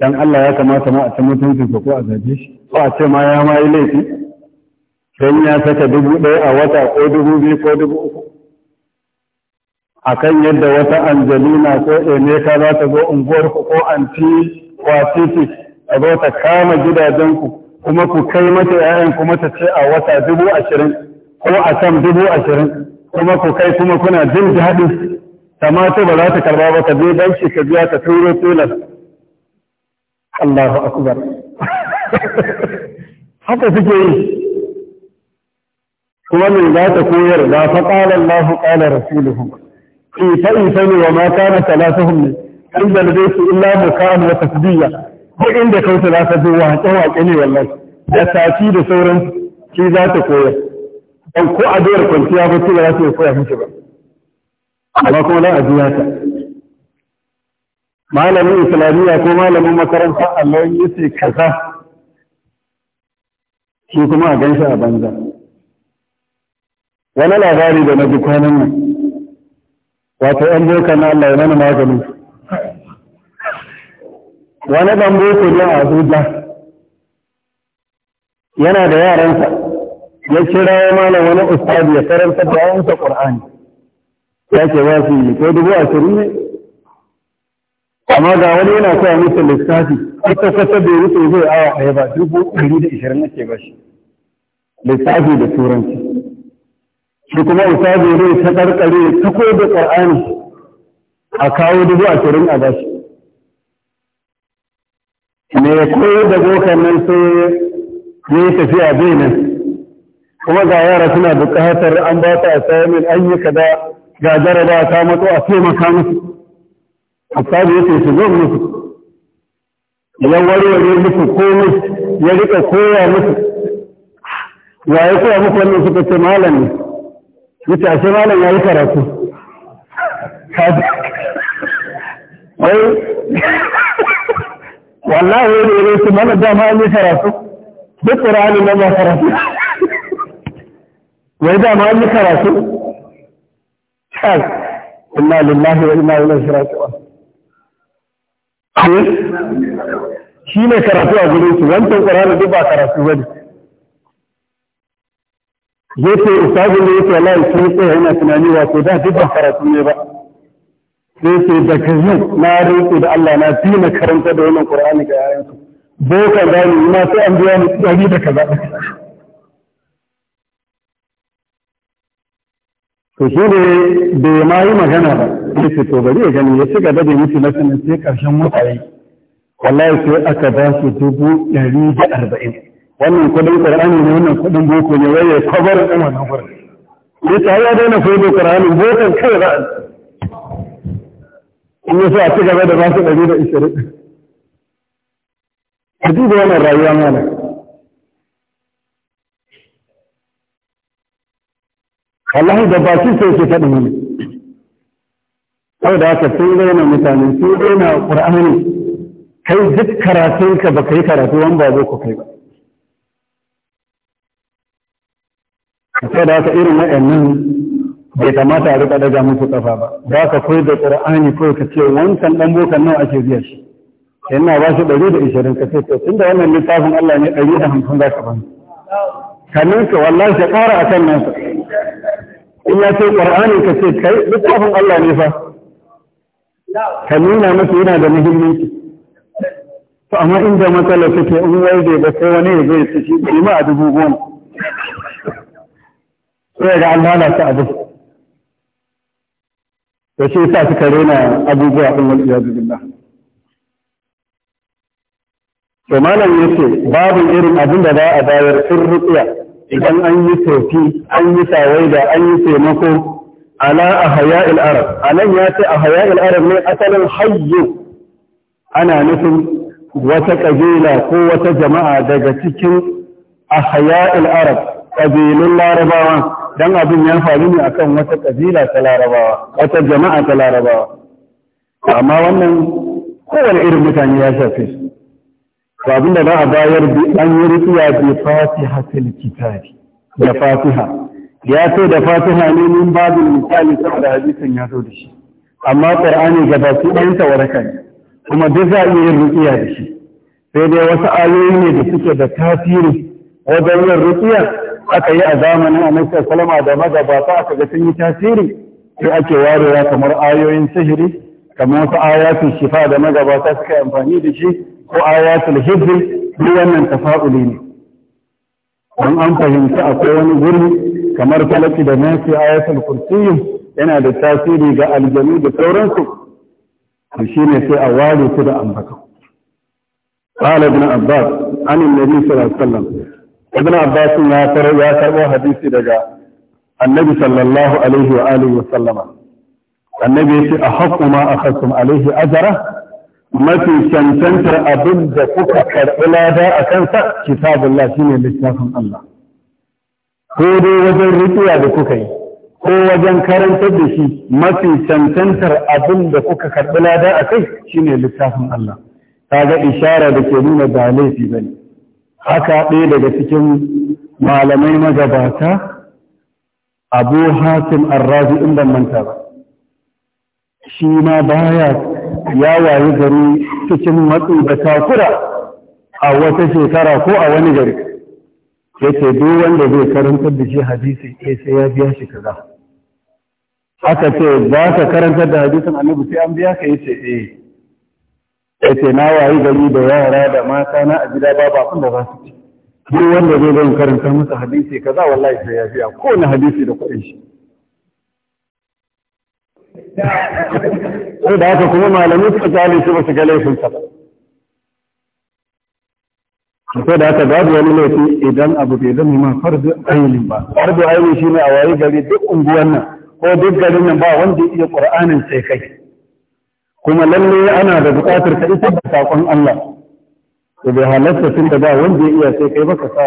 dan Allah ya kamata ma a ci mutuncin ko a zaje shi ko a ce ma ya ma yi laifi sai ya saka dubu ɗaya a wata ko dubu biyu ko dubu uku akan yadda wata Angelina ko Emeka za ta zo unguwarku ko anti titi a zo ta kama gidajen ku kuma ku kai mata 'ya'yan kuma ta ce a wata dubu ashirin ko a can dubu ashirin kuma ku kai kuma kuna jin daɗi kamata ba za ta karba ba ka je banki ka biya ka turo tilas Allahu akbar haka suke yi kuma me za ta koyar za fa qala Allahu qala rasuluhu ita ita ne wa ma kana salatuhum ne an zalbe su illa bukan wa tasbiya duk inda kauta za ka zo waƙe waƙe ne wallahi da sati da sauran shi za ta koyar ko a doyar kwanciya ba ce ba za su yi koya miki ba amma kuma za a biya ta malamin islamiyya ko malamin makaranta Allah ya ce kaza shi kuma a shi a banza wani labari da na ji kwanan nan wato yan boka na Allah ya mana maganin wani dan boko ne a Abuja yana da yaransa ya kira malam wani ustadi ya karanta da wani qur'ani ya ce ba su yi ko dubu ashirin ne amma ga wani yana koya musu lissafi ita kwata bai wuce zai awa a ba dubu ɗari da ishirin nake ba shi lissafi da turanci shi kuma ustadi ne ta karkare ta da qur'ani a kawo dubu ashirin a bashi me koyar da bokan nan sai ya yi tafiya bai nan kuma ga yara suna buƙatar an ba ta assignment an yi kaza ga jaraba ta matso a taimaka musu asabi yake su zo musu ya warware musu komai ya rika koya musu wa ya koya musu wannan suka ce malam ne yace ashe malam ya yi karatu wai wallahi ne ne su mana dama an yi karatu duk ƙur'ani na ba karatu wai dama an yi karatu chas inna lillahi wa inna ilaihi raji'un eh? shi ne karatu a gurin su wancan ƙwararra duk ba karatu ba zai ce ustazin da yake layi sun tsaye yana tunani wato da duk ba karatu ne ba sai ce daga yau na rinsu da Allah na fi na karanta da wannan ƙwararra ga yayansu bokan gani ma sai an biya ni ɗari da kaza to shi ne bai ma yi magana ba ya ce to bari ya gani ya ci gaba da mutu masanin sai karshen wata yi wallahi sai aka ba su dubu ɗari da arba'in wannan kuɗin ƙur'ani ne wannan kuɗin boko ne wai ya kwabar ɗin wannan wurin ya ce ya daina koyo ƙur'ani bokan kai ba in ya so a ci gaba da ba su ɗari da ishirin. Hadiza wannan rayuwa mana. wallahi da bakin sai yake faɗin wani da haka sun raina mutane sun raina qur'ani kai duk ka ba kai karatu wani ba zo ku kai ba da haka irin wa'annan bai kamata a rika daga musu kafa ba za ka koyi da qur'ani ko ka ce wancan dan bokan nawa ake biya shi yana ba shi ɗari da ishirin ka ce to tunda wannan littafin Allah ne ɗari da hamsin za ka bani kamin ka wallahi ka ƙara a kan nasa in ya ce ƙwar'ani ka ce kai littafin Allah ne fa ka nuna masa yana da muhimmanci to amma inda matsala take in wai bai ba sai wani ya zai tashi ma a dubu goma sai ga Allah an lalata abu to shi yasa suka rena abubuwa din wal iyadu na. to malam yace babu irin abin da za a bayar in ruqiya idan an yi tofi an yi da an yi taimako ala haya'il arab anan ya ce haya'il arab ne asalin hayyu ana nufin wata kabila ko wata jama'a daga cikin haya'il arab kabilun larabawa dan abin ya faru ne akan wata kabila ta larabawa wata jama'a ta larabawa amma wannan kowane irin mutane ya shafi. su to abin da za a bayar bi an yi rukiya bi fatihatul kitabi da fatiha ya so da fatiha ne min babu misali saboda hadisin ya so da shi amma qur'ani ga baki ɗayan ta ne kuma duk za a iya yin da shi sai dai wasu ayoyi ne da suke da tasiri wajen yin rukiya aka yi a zamanin annabi sallama da magabata aka ga sun yi tasiri sai ake warewa kamar ayoyin sihiri kamar wasu ayatul shifa da magabata suka yi amfani da shi ko ayatul hijr duk wannan tafa'uli ne don an fahimci akwai wani guri kamar falaki da nasi ayatul kursiyi yana da tasiri ga aljanu da sauransu to ne sai a ware su da ambato قال ابن عباس عن النبي صلى الله عليه وسلم ابن عباس يا ترى يا ترى حديثي daga النبي صلى الله عليه واله وسلم النبي احق ما اخذتم عليه اجره mafi cancantar abin da kuka karɓi lada a kansa kitabullah ne littafin Allah ko dai wajen rikiya da kuka yi ko wajen karantar da shi mafi cancantar abin da kuka karɓi lada a kai shine littafin Allah Ta ga ishara da ke nuna ba laifi ba ne haka ɗaya daga cikin malamai magabata abu hasim arrazi inda manta ba shi ma baya ya wayi gari cikin matsi da takura a wata shekara ko a wani gari yace duk wanda zai karantar da shi hadisi eh sai ya biya shi kaza aka ce za ka karantar da hadisin annabi sai an biya ka yace eh yace na wayi gari da yara da mata na a gida babu abin da za su ci duk wanda zai zan karanta masa hadisi kaza wallahi sai ya biya ko na hadisi da kuɗin shi sai da haka kuma malamai suka kyale shi ba su ga laifinsa ba sai da haka babu wani laifi idan abu bai zama man fardu ainihin ba fardu ainihin shi ne a waye gari duk unguwan nan ko duk garin nan ba wanda iya ƙura'anin sai kai kuma lalle ana da buƙatar ka isar da saƙon Allah to bai halatta tun da ba wanda iya sai kai baka sa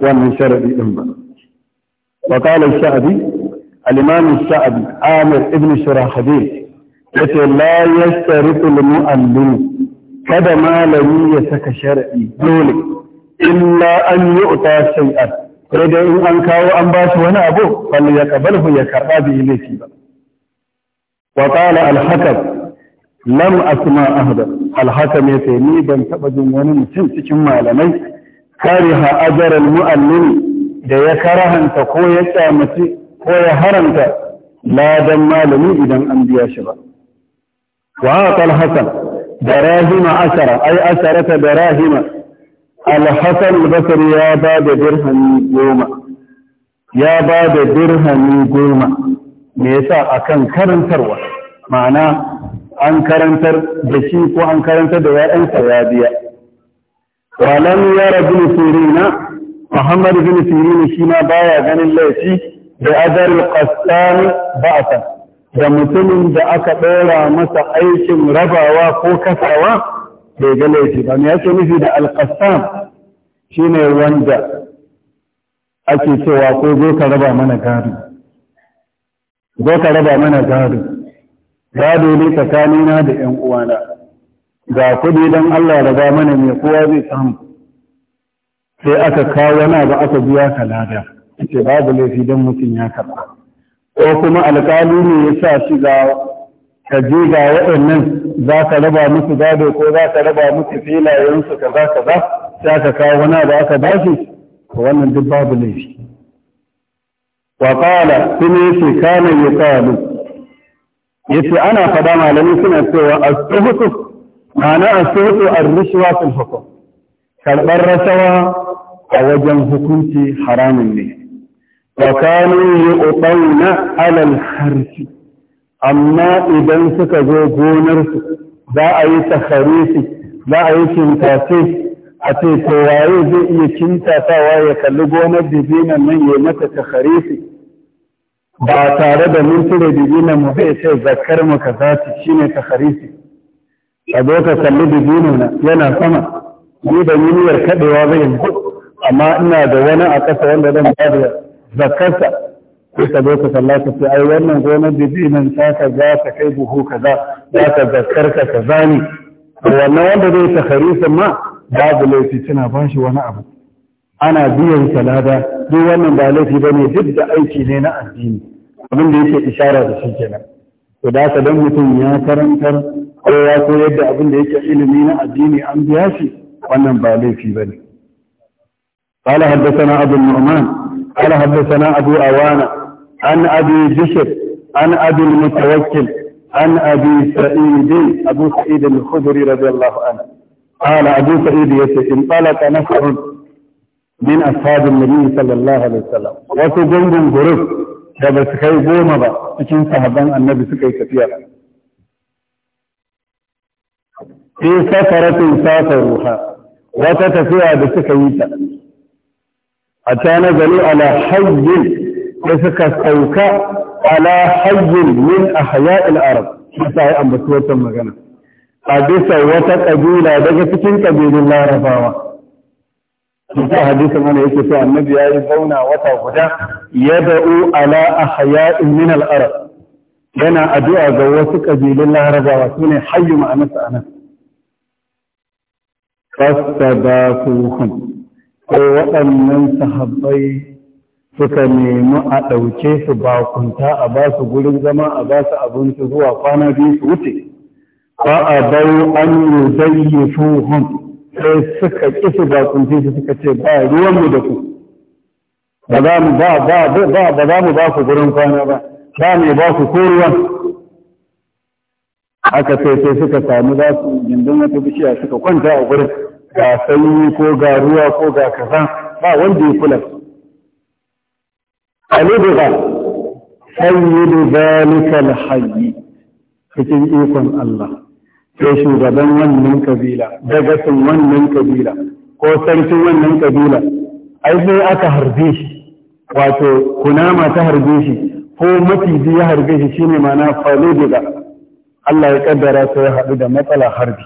wannan sharadi din ba wa qala sha'adi al-imam sa'ad amir ibn shurahabil yace la yastariqu al-mu'allim kada malami ya saka shar'i dole illa an yu'ta shay'an sai dai in an kawo an ba shi wani abu fal ya kabalhu ya karba bi ilayhi ba wa qala al-hakim lam asma ahada al-hakim yace ni ban taba jin wani mutum cikin malamai kariha ajral muallim da ya karahanta ko ya kyamaci ko ya haramta ladan malami idan an biya shi ba wa aqal hasan darahima asara ay asarata darahima al hasan al basri ya ba da dirhami goma ya ba da dirhami goma me yasa akan karantarwa ma'ana an karantar da shi ko an karantar da ya'yansa ya biya walam yara bin sirina muhammad bin sirina shi ma baya ganin laifi da azar qassan ba'atan da mutumin da aka ɗora masa aikin rabawa ko kasawa bai ga laifi ba me yake nufi da alqassam shine wanda ake cewa ko zo ka raba mana gado zo ka raba mana gado gado ne tsakanina da ƴan uwana ga kuɗi don Allah raba mana mai kowa zai samu sai aka kawo na ba aka biya ka lada ce babu laifi don mutum ya karɓa ko kuma alƙali ne ya sa shi ga ka je ga waɗannan za ka raba musu gado ko za ka raba musu filayensu kaza kaza sai aka kawo wani da aka bashi wannan duk babu laifi wa ƙala sun yace kana Ya ce ana faɗa malami suna cewa a suhtu ma'ana a suhtu a rishwa sun hukm Karɓar rasawa a wajen hukunci haramun ne wa kanu yuqawna na alal harfi amma idan suka zo gonarsu za a yi taharisi za a yi kintace a ce to waye zai iya kintatawa ya kalli gonar dibinan nan ya mata taharisi ba tare da mun cire dibinan mu ce zakar mu kaza shi ne taharisi a zo ka kalli dibinan yana sama ni da niyyar kadewa zai yanzu amma ina da wani a ƙasa wanda zan ba da zakarsa ko ka zo ka sallata ai wannan gonar da nan ta ka za ta kai buhu kaza za ka zakar ka kaza ne wannan wanda zai ta sama ma babu laifi tana ba shi wani abu ana biyan salada duk wannan ba laifi ba ne duk da aiki ne na addini abin da yake ishara da shi kenan to da haka dan mutum ya karantar ko ya koyar da abin da yake ilimi na addini an biya shi wannan ba laifi ba ne قال حدثنا أبو النعمان قال حدثنا أبو أوانا عن أبي بشر عن أبي المتوكل عن أبي سعيد أبو سعيد الخدري رضي الله عنه قال أبو سعيد يسير انطلق نفر من أصحاب النبي صلى الله عليه وسلم وسجن جروب da ba su kai goma النبي سكي sahabban في سفرة سافروها tafiya. Fi safaratin safaruha أتانا نزلوا على حي لسك السوكاء على حي من أحياء الأرض حتى هي أنبسوة المغنى حديثة وتقبيلة دكتين كبير الله رفاوة حتى حديثة من يكتب النبي آي بونا فونا وتوفجا يدعو على أحياء من الأرض لنا أدعو زوات كبير الله رفاوة من حي مع نفس أنا فاستباكوهم ko waɗannan sahabbai suka nemi a ɗauke su bakunta a ba su gurin zama a ba su abinci zuwa kwana biyu su wuce ba a bai an yi zayyi fuhun sai suka ƙi su bakunta su suka ce ba ruwanmu da ku ba za mu ba ba ku gurin kwana ba ba mu ba ku ko ruwan aka ce sai suka samu za su gindin wata bishiya suka kwanta a gurin ga sanyi ko ga ruwa ko ga kaza ba wanda ya kula alibga da zalika alhayy cikin ikon Allah sai shugaban wannan kabila dagasin wannan kabila ko sarkin wannan kabila ai sai aka harbe shi wato kunama ta harbe shi ko biyu ya harbe shi shine ma'ana daga Allah ya kaddara sai ya haɗu da matsala harbi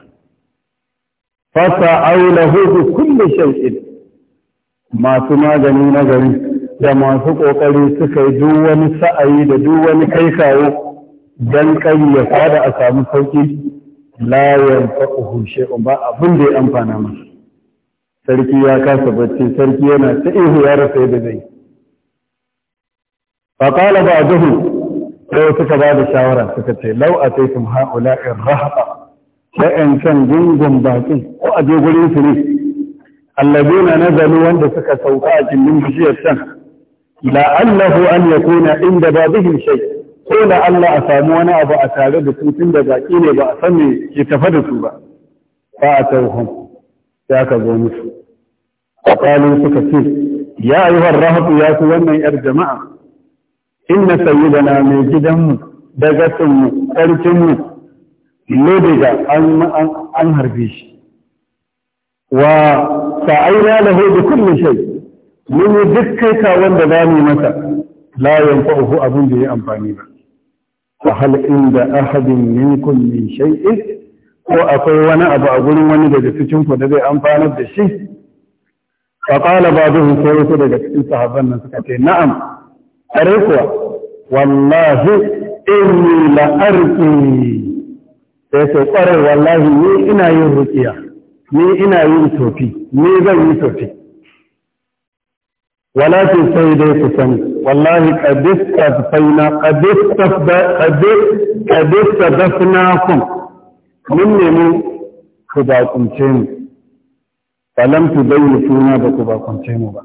fasa aula hudu kulle shauƙin masu magani na gari da masu ƙoƙari suka yi duk wani sa'ayi da duk wani kai kawo don kai ya fada a samu sauƙi layan fa'uhu shi'un ba abin da ya amfana masa sarki ya kasa bacci sarki yana ta ihu ya rasa yadda zai faƙala ba a duhu sai suka ba da shawara suka ce lau a taitum ha'ula'in rahaba can gungun baƙin ko a je gurin su ne na nazalu wanda suka sauka a cikin bishiyar can la'allahu an kuna inda babu shay ko la Allah a samu wani abu a tare da su tun da zaƙi ne ba a san me ke tafa da su ba fa atawhum ya ka zo musu qalu suka ce ya har rahatu ya fi wannan yar jama'a inna na mai gidanmu da gasinmu ƙarfinmu lobeja an harbe shi wa sa'aina lahu bi kulli shai? mun yi duk kai ka wanda za mu masa la yanfa'uhu abin da ya amfani ba A halin da ahadin minkum min shay'in ko akwai wani abu a gurin wani daga cikin ku da zai amfanar da shi fa qala ba'dhum sai wasu daga cikin sahabban nan suka ce na'am are kuwa wallahi inni la arqi sai ce kwarar wallahi ni ina yin rukiya ni ina yin tofi ni zan yi tofi walakin sai dai ku sani wallahi qadis qadfaina qadis qadis qadis mun ne mu ku ba mu falam tu bayyana suna ba ku ba mu ba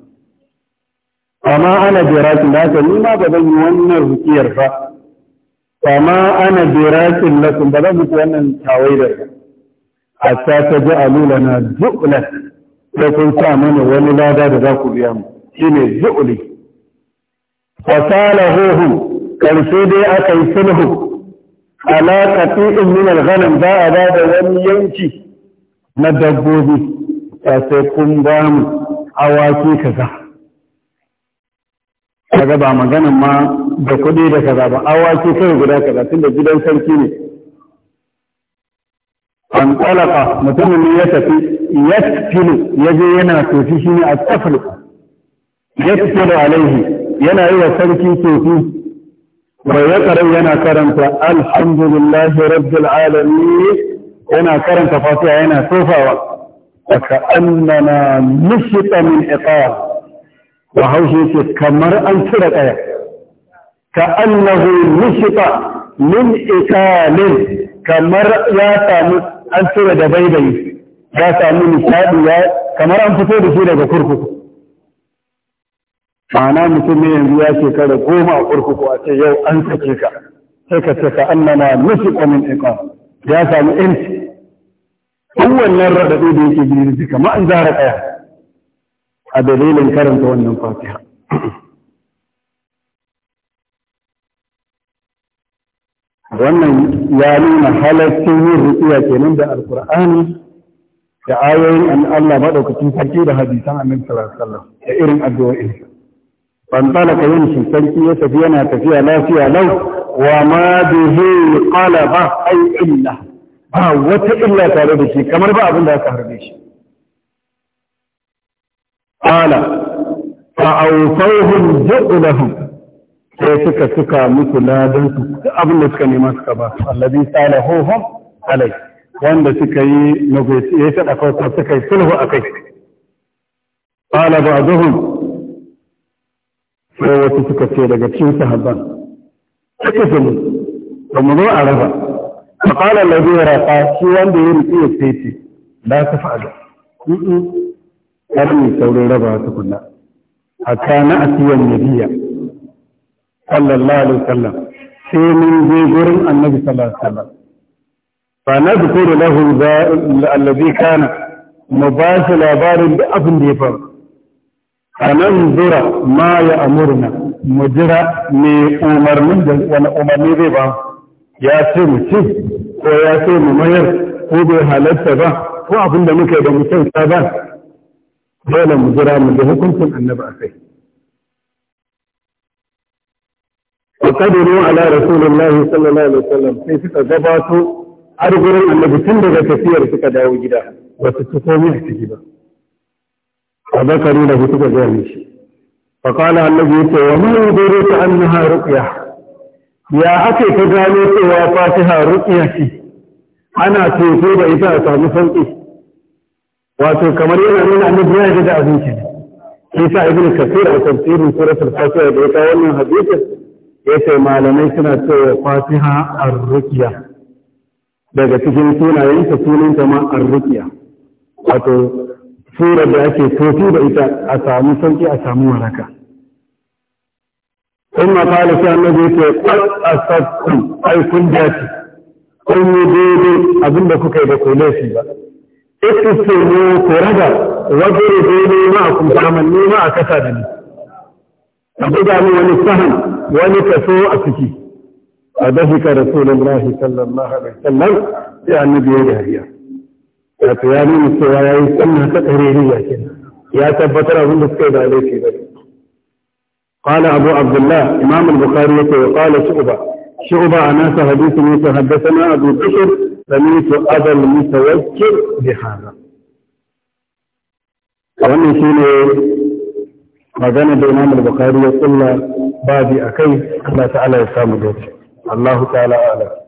amma ana jira kin da ni ma ba zan yi wannan rukiyar ba kama ana birakin lakum ba zan muku wannan tawaidar ba hatta ta ji alula na zuɓula da kun sa mana wani lada da za ku biya mu shine zuɓli fasala hohu karshe dai aka yi sulhu alaka in min alghanam za a ba da wani yanki na dabbobi ta sai kun ba mu awaki kaza kaga ba maganan ma da kuɗi da kaza ba awaki kai guda kaza tunda gidan sarki ne an tsalaka mutumin ya tafi ya filo ya je yana tofi shi ne a tsafil ya filo alaihi yana yi wa sarki tofi bai ya yana karanta alhamdulillahi rabbil alamin yana karanta fatiha yana tofawa wa ka'annana nushita min iqab wa ce kamar an cire kaya كأنه نشط من إكال كمر يا سامو أن ترى دبيبي يا سامو نشاط يا كمر أن تفيد سيرة كركوك ma'ana mutum ne yanzu ya shekara goma a kurkuku a ce yau an sake ka sai ka ka annana nufiƙa min iqam ya samu inci in wannan raɗaɗi da yake biyu duka ma'an zara ƙaya a dalilin karanta wannan fatiha wannan ya nuna halaccin yin rukiya kenan da alkur'ani da ayoyin an Allah madaukakin sarki da hadisan annabi sallallahu alaihi wasallam da irin addu'o'i. ban talaka yin shi sarki ya tafi yana tafiya lafiya lau wa ma bihi ba ay illa ba wata illa tare da shi kamar ba abin da aka harbe shi qala fa awfawhum ju'lahum sai suka suka musu ladan su abin da suka nema suka ba su allazi salahuhum alai wanda suka yi ya a kawai suka yi sulhu a kai qala ba'dhum sai wasu suka ce daga cikin sahabban suka ce ba mu zo a raba fa qala allazi raqa shi wanda ya tsaye sai ce la tafa'alu kar mu saurin raba tukunna a kana asiyan nabiya sallallahu alaihi wasallam sai mun je gurin annabi sallallahu alaihi wasallam fa nadhkuru lahu alladhi kana mu ba labarin da abin da ya faru anan zura ma ya amurna mu jira me umarnin da wani umarni zai ba ya ce mu ci ko ya ce mu mayar ko bai halatta ba ko abin da muka yi da mu kyauta ba dole mu jira mu da hukuncin annabi a kai وقدروا على رسول الله صلى الله عليه وسلم في suka gabato har gurin annabi tun daga tafiyar suka dawo gida ba su ci komai a ciki ba a zakarin فقال النبي وما يدرك أنها رقية يا أكي تجاني سوى رقية أنا توفي بإذا أصاب فوقي واتو كمرين أمين أن نبنى جدا أبنك إيسا ابن كثير وتفسير من سورة الفاتحة بإيسا ومن حديثه ce malamai suna cewa fatiha ar-ruqya daga cikin sunayen ta sunan ta ma ar-ruqya wato sura da ake tofi da ita a samu sauki a samu waraka ma قال في النبي ce أصبتم أي كل جاتي kun yi daidai abin da kuka yi da kone shi ba. Ita ce ne ku raba wajen daidai ma a kuma kamar nema a kasa da ni. A buga min wani sahan wani kaso a ciki a dafika rasulullahi sallallahu alaihi wasallam sai annabi ya dariya wato ya nuna cewa ya yi sanna ta ɗareriya kenan ya tabbatar abin da suka yi da laifi ba قال أبو عبد الله إمام البخاري وقال شعبة شعبة أناس حديث موسى حدثنا أبو بشر سمعت أبا المتوكل بهذا wannan shi ne magana da imam al-bukhari ya kulla babi kai Allah ta'ala ya samu dace Allahu ta'ala ala